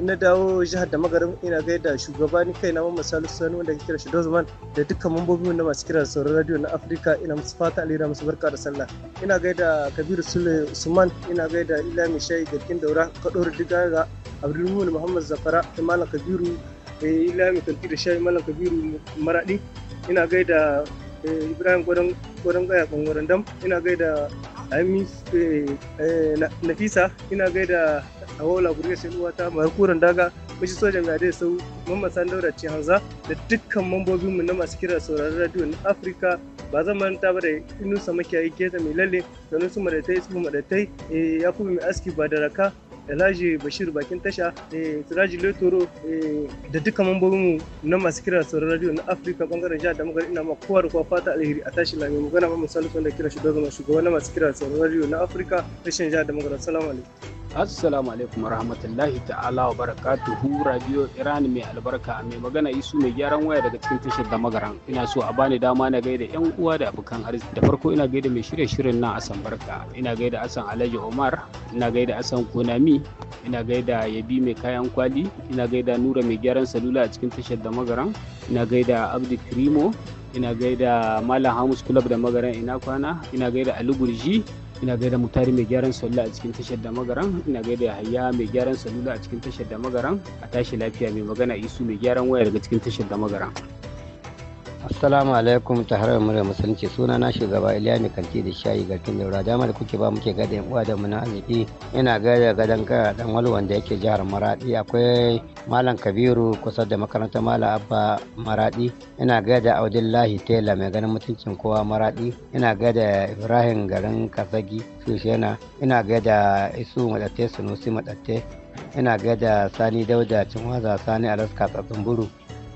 na dawo jihar da magarin ina gaida shugaba ni na mamma salisu sani wanda ke kira shi dozman da dukkan mambobi na masu kiran sauran radio na afirka ina musu fata alira musu barka da sallah ina gaida kabiru sule usman ina gaida ila mishai garkin daura diga ga abdulmumin muhammad zafara malam kabiru eh, ila mai kanti da shayi malam kabiru maradi ina gaida eh, ibrahim gwadon gaya kan dam ina gaida Eh, eh, nafisa ina gaida a wola gurga shi uwata markuran daga mishi sojan gade sau mamman sandaura ce hanza da dukkan mambobinmu na masu kira sauraron radio na afirka ba zan manta ba da inusa makiyayi keta mai lalle da nusu madatai su madatai eh, ya kuma mai aski ba da raka Elaji Bashir Bakin Tasha, eh, Siraji eh, da duka mambobinmu na masu kira sauran radio na Afirka bangaren jihar da magana ina ma kowa da kowa fata alheri a tashi lami magana ma misali wanda kira shi dogon shugaba na masu kira sauran radio na Afirka rashin jihar da magana. Assalamu alaikum. Assalamu alaikum warahmatullahi ta'ala wa barakatuhu Radio Iran mai albarka mai magana isu mai gyaran waya daga cikin tashar da magaran ina so a bani dama na gaida yan uwa da abokan arziki da farko ina gaida mai shirye shirin na asan barka ina gaida asan Alhaji Omar ina gaida asan Konami ina gaida Yabi mai kayan kwali ina gaida Nura mai gyaran salula a cikin tashar da magaran ina gaida Abdi Krimo ina gaida Malam Hamus Club da magaran ina kwana ina gaida Ali Gurji ina gaida mutari mai gyaran salula a cikin tashar da magaran ina gaida hayya mai gyaran salula a cikin tashar da magaran a tashi lafiya mai magana isu mai gyaran waya daga cikin tashar da magaran assalamu alaikum ta harar mura musulunci suna na shugaba iliya mai kanti da shayi garkin daura dama da kuke ba muke gada yan uwa da mu na arziki ina gada gadon kara dan wani wanda yake jihar maradi akwai malam kabiru kusa da makarantar malam abba maradi ina gada audillahi tela mai ganin mutuncin kowa maradi ina gada ibrahim garin kasagi shushena ina gada isu madatte sunusi madatte ina gada sani dauda cinwaza sani alaska tsatsun buru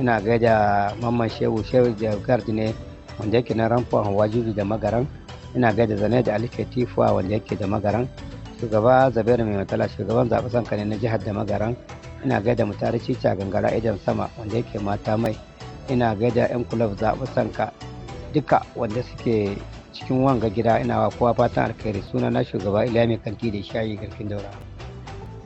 ina gaida mamman shehu shehu da jabgar ne wanda yake na a wajibi da magaran ina gaida zane da alike tifuwa wanda yake da magaran shugaba zabera mai matala shugaban zaɓe sanka ne na jihar da magaran ina gaida mutare cica gangara idan sama wanda yake mata mai ina gaida yan kulab zaɓe sanka duka wanda suke cikin wanga gida ina wa kowa fatan alkhairi suna na shugaba ilami kanti da shayi garkin daura.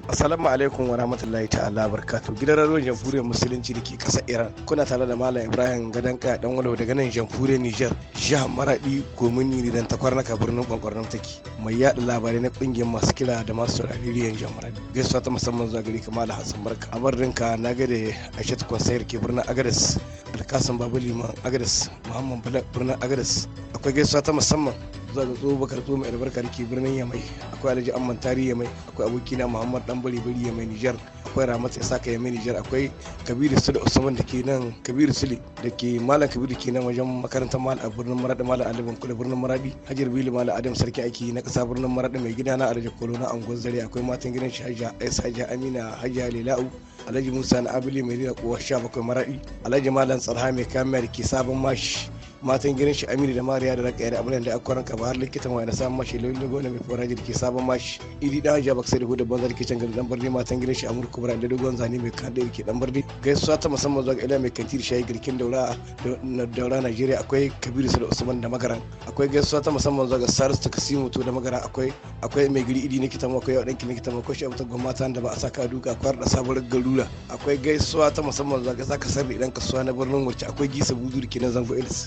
Assalamu alaikum wa rahmatullahi ta'ala barkatu. Gidan radio Jamhuriyar Musulunci da ke ƙasar Iran. Kuna tare da Malam Ibrahim Gadanka dan walau daga nan Jamhuriyar Niger, jihar Maradi, Gomini da takwar naka birnin Kwankwarnan take. Mai yada labarai na ƙungiyar masu kira da masu saurari riyan jihar Maradi. Gaisuwa ta musamman zuwa gari kamar Hassan Barka. A ka na gade Aishatu Kwansayar ke birnin Agadas, Alkasan Babu Liman Agadas, Muhammad Bala birnin Agadas. Akwai gaisuwa ta musamman ka tso baka tso mai da ke birnin yamai akwai alhaji amman tari yamai akwai abokina muhammad dan bari bari yamai nijar akwai ramat isaka yamai nijar akwai kabiru sule usman da ke nan kabiru sule da ke malam kabiru ke nan wajen makarantar mal a birnin maradi malam alibin kula birnin maradi hajar bili malam adam sarki ake na kasa birnin maradi mai gida na alhaji kolo na angon zare akwai matan gidan shi hajja aisa hajja amina hajja lela'u alhaji musa na abili mai rina kowa sha bakwai maradi alhaji malam tsarha mai kamar ke sabon mashi matan gidan shi aminu da mariya da raka yare abulan da kwaranka ba har likitan wani samun mashi lullu gona mai fara jirki sabon mashi idi dan ja baksa da hudu banzar kicin gari dan birni matan gidan shi amurka kubra da dogon zane mai kada yake dan birni gaisuwa ta musamman zuwa ga ila mai kantir shayi girkin daura daura najeriya akwai kabiru su da usman da magaran akwai gaisuwa ta musamman zuwa ga salisu ta kasimu to da magaran akwai akwai mai giri idi na kitan akwai yawan ɗanki kitan akwai shi gwamnati da ba a saka duka akwai da sabuwar garura akwai gaisuwa ta musamman zuwa ga zaka sarri idan kasuwa na birnin wacce akwai gisa buzu da ke na zango ilis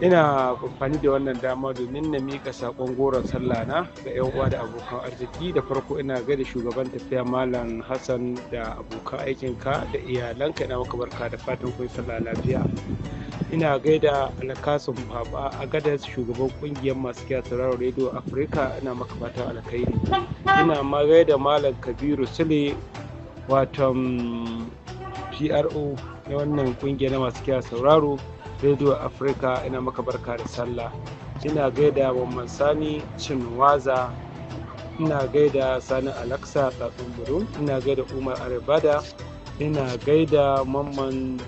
ina amfani da wannan dama domin na mika sakon goron sallah na ga yan uwa da abokan arziki da farko ina gaida shugaban tafiya malam hassan da abokan aikinka da iyalanka ina maka barka da fatan kun sallah lafiya ina gaida alkasun baba a gada shugaban kungiyar masu kiyar sauraro rediyo afirka ina maka fatan alkhairi ina ma gaida malam kabiru sule waton pro na wannan kungiyar masu kiyar sauraro radio africa ina maka barka da sallah ina gaida mamman sani cinwaza ina gaida sani alaksa tsatsun burum ina gaida umar arabada ina gaida mamman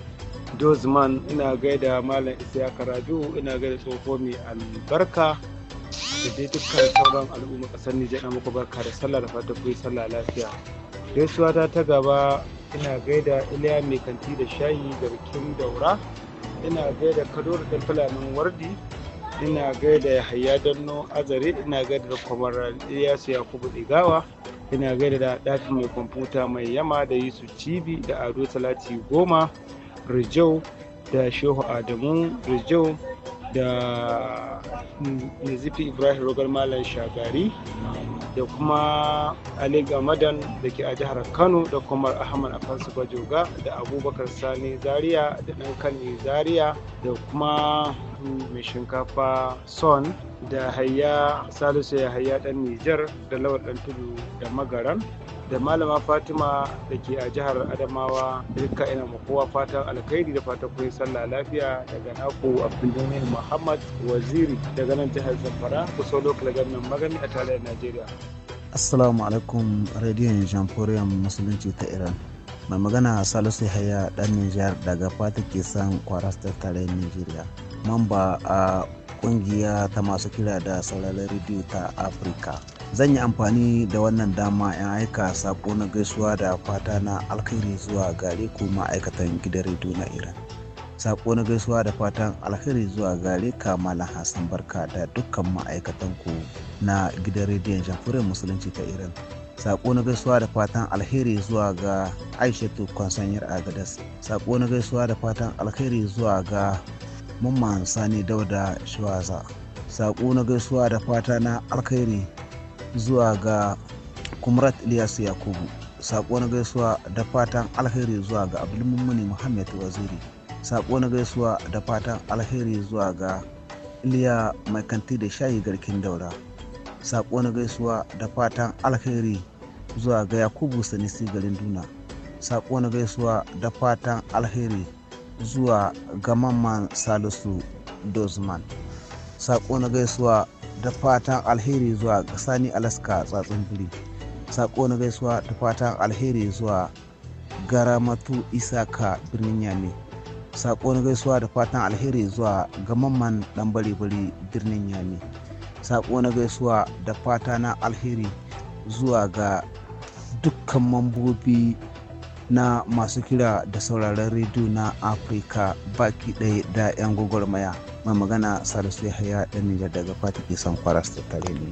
dozman ina gaida malam isiyaka rabiu ina gaida tsoho mai albarka da dai dukkan sauran al'umma ƙasar nijar na muku barka da sallah da fata kuyi sallah lafiya gaisuwa ta ta gaba ina gaida iliya mai kanti da shayi da bikin daura ina gaida kaduru ɗan fulanin wardi ina gaida yahaya danno azare ina gaida da kwamar iyasu yakubu digawa ina gaida da dafi mai kwamfuta mai yama da yusu cibi da ado talati goma rijau da shehu adamu rijau da nizifi ibrahim Rogal malam shagari da kuma ali gamadan da ke a jihar kano da kuma ahmad afansu bajoga da abubakar sani zaria da dan kani zaria da kuma mai shinkafa son da hayya salisu ya hayya dan nijar da lawal dan tudu da magaran da malama fatima da ke a jihar adamawa duka ina kowa fatan alkhairi da fatan kun sallah lafiya daga naku abdulmumin muhammad waziri daga nan jihar zamfara kusa lokal gannan magani a tarayyar najeriya assalamu alaikum radiyon jamhuriyar musulunci ta iran mai magana salisu haya dan nijar daga fata ke san kwara tarayyar nijeriya mamba a kungiya ta masu kira da sauraron rediyo ta afirka zan yi amfani da wannan dama in aika sako na gaisuwa da fata na alkhairi zuwa gare ku ma'aikatan gidan rediyo na iran sako na gaisuwa da fatan alkhairi zuwa gare ka mala hassan barka da dukkan ma'aikatan ku na gidan rediyon jamhuriyar musulunci ta iran sako na gaisuwa da fatan alheri zuwa ga aishatu kwansanyar agadas sako na gaisuwa da fatan alheri zuwa ga mamman sani dauda shuwaza saƙo na gaisuwa da fata na alkhairi zuwa ga kumrat ilyasu yakubu saƙo na gaisuwa da fatan alkhairi zuwa ga abdulmumuni muhammad waziri saƙo na gaisuwa da fatan alkhairi zuwa ga iliya mai kanti da shayi garkin daura saƙo na gaisuwa da fatan alkhairi zuwa ga yakubu sanisi garin duna saƙo na gaisuwa da fatan alheri zuwa ga mamman salisu dozman sako na gaisuwa da fatan alheri zuwa ga sani alaska tsatsin biri sako na gaisuwa da fatan alheri zuwa garamatu isaka birnin yame sako na gaisuwa da fatan alheri zuwa ga mamman dan bari-bari birnin yame sako na gaisuwa da fata na alheri zuwa ga dukkan mambobi na masu kira da sauraron rediyo na afirka baki ɗaya da 'yan gwagwarmaya mai magana salisu yahaya ɗan daga fata ke san kwaras tattare ne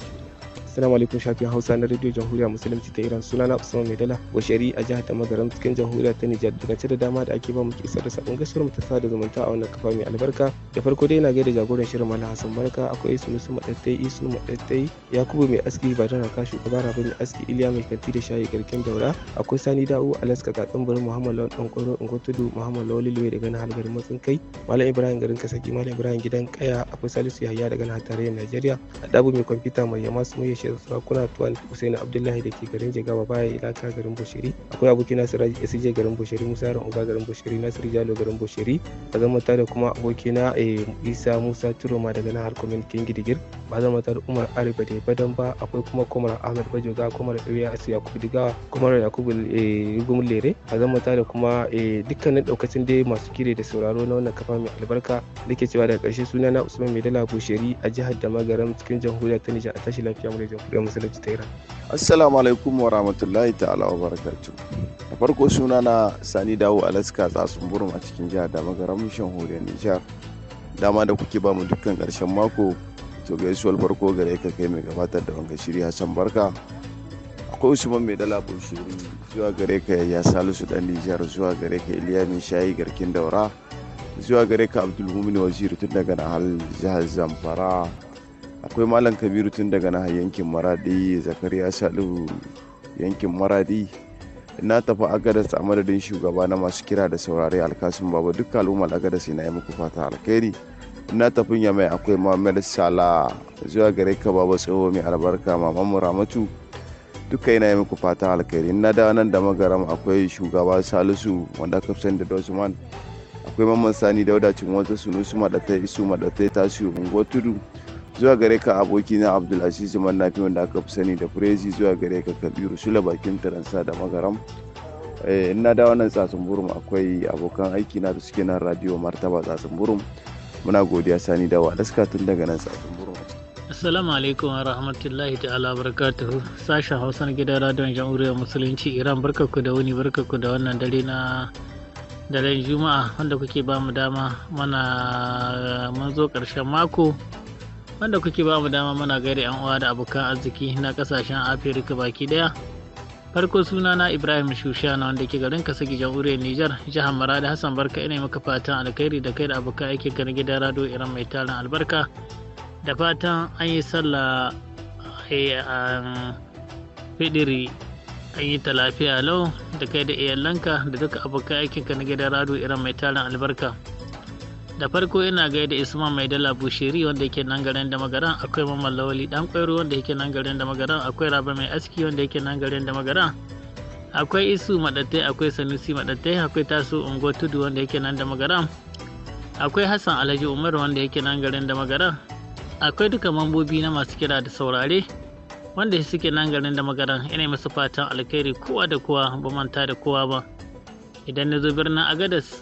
Assalamu alaikum shafin Hausa na Radio Jamhuriya Musulunci ta Iran sunana Usman Maidala Bashari a jihar Tamagaram cikin Jamhuriya ta Nijar daga ce da dama da ake ba mu isar da sabon gaskiyar mu ta sada zumunta a wannan kafa mai albarka da farko dai ina da jagoran shirin Malam Hassan Barka akwai Sunusu Madattai Isu Madattai Yakubu mai aski ba da raka shugaba Rabi mai aski Iliya mai kanti da shayi garken daura akwai Sani Da'u Alaska Katsin Bari Muhammad Lawan Dankoro Ngotudu Muhammad Lawli Luwe daga nan halgarin matsin kai Malam Ibrahim garin Kasaki Malam Ibrahim gidan Kaya akwai Salisu Yahaya daga nan tarayyar Najeriya dabu mai kwamfuta mai yama su mai kungiyar sarakuna tuwan Hussein Abdullahi da ke garin Jigawa baya ilaka garin Bushiri akwai abokina Siraj SJ garin Bushiri Musa Yaron Oga garin Bushiri Nasiru Jalo garin Bushiri ba zama manta da kuma abokina eh, Isa Musa Turoma daga nahar Kwaminkin Gidigir ba zama tare Umar Ariba da Badan ba akwai kuma Komar Ahmed Bajoga Komar Ɗauya Asu Yakubu Digawa Kwamar Yakubu eh, Rigum Lere ba zama manta da kuma eh, dukkanin daukacin dai masu kire da sauraro na wannan kafa mai albarka da cewa daga ƙarshe suna na Usman Maidala Bushiri a jihar Damagaram cikin jamhuriyar ta Nijar a tashi lafiya mu jamhuriyar musulunci ta iran assalamu alaikum wa rahmatullahi ta'ala wa barakatu da farko suna na sani dawo alaska tsasun burum a cikin jihar da magaram horiyar nijar dama da kuke ba mu dukkan karshen mako to gaisuwar farko gare ka kai mai gabatar da wanga shiri hassan barka akwai usman mai dala bushiri zuwa gare ka ya salisu dan nijar zuwa gare ka iliya mai shayi garkin daura zuwa gare ka abdulmumin waziri tun daga hal jihar zamfara akwai malam kabiru tun daga na yankin maradi zakariya salihu yankin maradi na tafi agadas a madadin shugaba na masu kira da saurare alkasun baba duk al'ummar agadas na yi muku fata alkhairi na tafi ya mai akwai muhammad sala zuwa gare ka baba tsoho mai albarka maman ramatu duka yana yi muku fata alkhairi na da nan da magaram akwai shugaba salisu wanda aka fi da dosman akwai mamman sani dauda cin wata sunusu maɗatai isu maɗatai tasiri unguwar tudu zuwa gare ka aboki na abdulaziz mannafi wanda aka fi sani da furezi zuwa gare ka kabiru shula bakin taransa da magaram eh, in na da wannan tsatsun burum akwai abokan aiki na da suke nan radio martaba tsatsun burum muna godiya sani da daska tun daga nan tsatsun burum Assalamu alaikum wa rahmatullahi ta'ala barakatuhu sashen hausa na gidan radiyon jamhuriyar musulunci iran barkaku da wuni barkaku da wannan dare na daren juma'a wanda kuke ba mu dama mana mun zo ƙarshen mako wanda kuke ba mu dama muna gaida yan uwa da abokan arziki na kasashen afirka baki daya farko suna na ibrahim shushana wanda ke garin saki jamhuriyar nijar jihar maradi hassan barka ina maka fatan alkhairi da kai da abokan aiki garin gidan rado iran mai tarin albarka da fatan an yi sallah eh, a fidiri an yi ta lafiya lau da kai da iyalanka da duka abokan aikinka na gidan rado iran mai tarin albarka da farko ina gaida Isma Mai Dala Bushiri wanda yake nan garin da magaran akwai Mamman Lawali Dan Kwairo wanda yake nan garin da magaran akwai Raba Mai Aski wanda yake nan garin da magaran akwai Isu madatai akwai Sanusi madatai akwai Tasu Ungo Tudu wanda yake nan da magaran akwai Hassan Alhaji Umar wanda yake nan garin da magaran akwai duka mambobi na masu kira da saurare wanda suke nan garin da magaran ina masu fatan alkhairi kowa da kowa ba manta da kowa ba idan na zo birnin agadas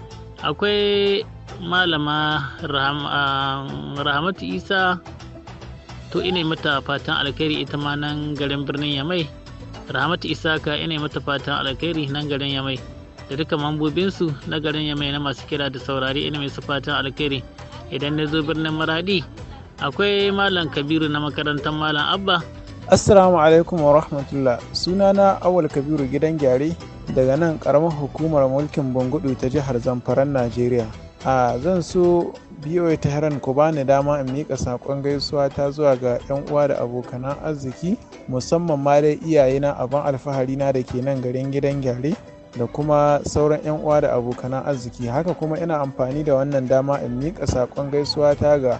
akwai malama um, rahamatu isa to ina mata fatan alkhairi ita ma nan garin birnin yamai rahamatu isa ka ina mata fatan alkhairi nan garin yamai da duka mambobinsu na garin yamai na masu kira da saurari ina mai su fatan alkhairi idan na zo birnin maradi akwai malam kabiru na makarantar malam abba assalamu alaikum wa rahmatullah sunana awal kabiru gidan gyare daga nan karamar hukumar mulkin bangudu ta jihar zamfaran najeriya a zan so biyo ta heran ku bani dama in miƙa saƙon gaisuwa ta zuwa ga 'yan uwa da abokanan arziki musamman ma dai iyayena abin alfahari na da ke nan garin gidan gyare da kuma sauran 'yan uwa da abokanan arziki haka kuma ina amfani da wannan dama in miƙa saƙon gaisuwa ta ga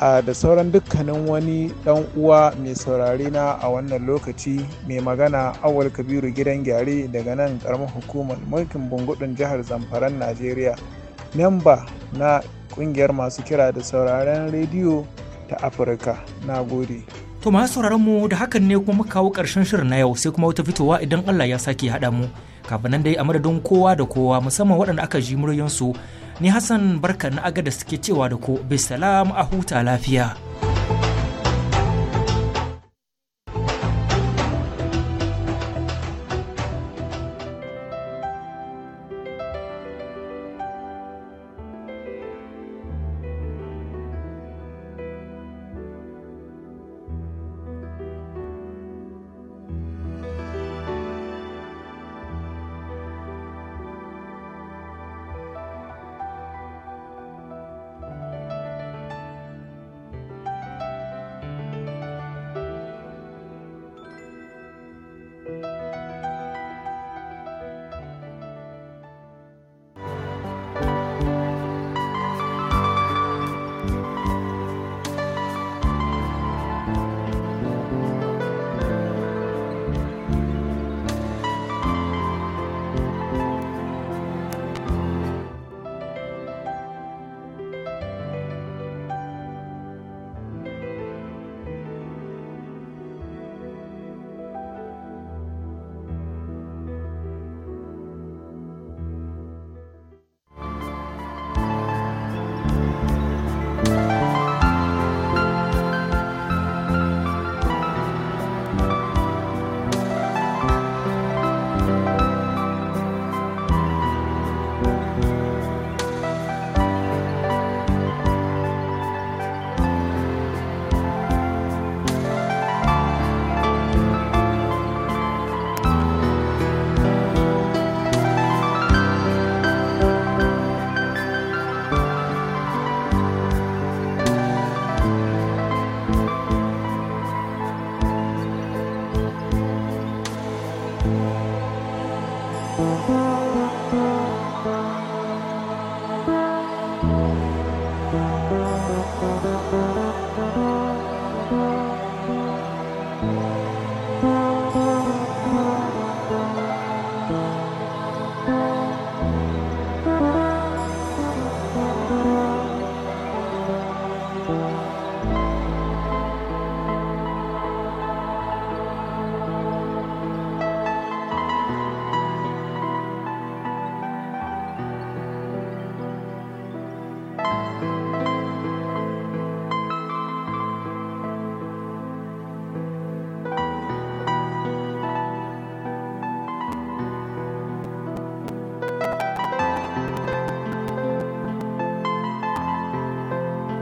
da sauran dukkanin wani dan uwa mai saurare na a wannan lokaci mai magana awal kabiru gidan gyare daga nan karamar hukumar mulkin bungudun jihar zamfaran najeriya memba na kungiyar masu kira da sauraren rediyo ta afirka na gode to masu sauraron mu da hakan ne kuma kawo karshen shirin na yau sai kuma wata fitowa idan allah ya sake haɗa mu kafin nan dai a madadin kowa da kowa musamman waɗanda aka ji muryansu ni hassan barka na agada suke cewa da ku bisalam a huta lafiya